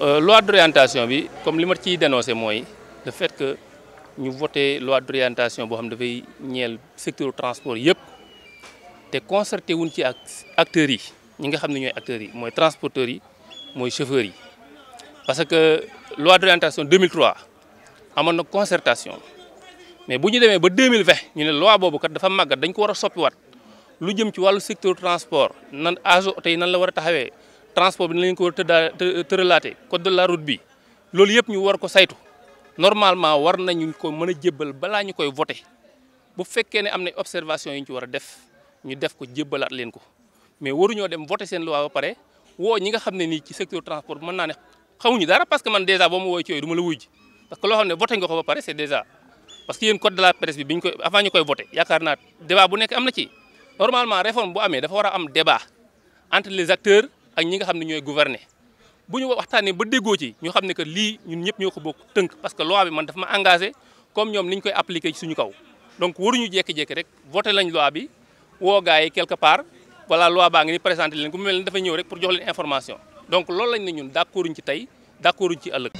Euh, loi d'orientation comme li ma dénoncé le fait que nous ñu voté loi d'orientation pour xam dafay du secteur transport c'est te concerté ci acteurs nous ñi des xam les acteurs les transporteurs yi chauffeurs parce que loi d'orientation 2003 avons une concertation mais si nous sommes en 2020 ñu une loi de kat dafa màggat dañ ko war a soppiwaat lu jëm ci secteur transport nan âge transport bi ni lañ ko war tëddaa tëralaate code de la route bi loolu yëpp ñu war ko saytu normalement war nañu ko mën a jébbal balaa ñu koy voté bu fekkee ne am na observation yi ñu ci war de def ñu def ko jébbalaat leen ko mais waruñoo dem voté seen loi ba pare woo ñi xam ne nii ci secteur transport mën naa ne xamuñu dara parce que man déjà boo ma woowee ci yooyu du ma la wuy ji parce loo xam ne voté nga ko ba pare c'est déjà parce que code de la presse bi biñ koy avant ñu koy voté yaakaar naa débat bu nekk am na ci normalement réforme bu amee dafa war a am débat entre ak ñi nga xam ne ñooy gouverner bu ñu waxtaanee ba déggoo ci ñu xam ne que lii ñun ñëpp ñoo ko bokk tënk parce que loi bi man dafa ma engagé comme ñoom ni ñu koy appliqué ci suñu kaw donc waruñu jékki-jékki rek voté lañ loi bi woo gars yi quelque part voilà loi baa ngi ni présenté leen ku mel ni dafa ñëw rek pour jox leen information donc loolu lañ ne ñun d'accorduñ ci tey d'accorduñ ci ëllëg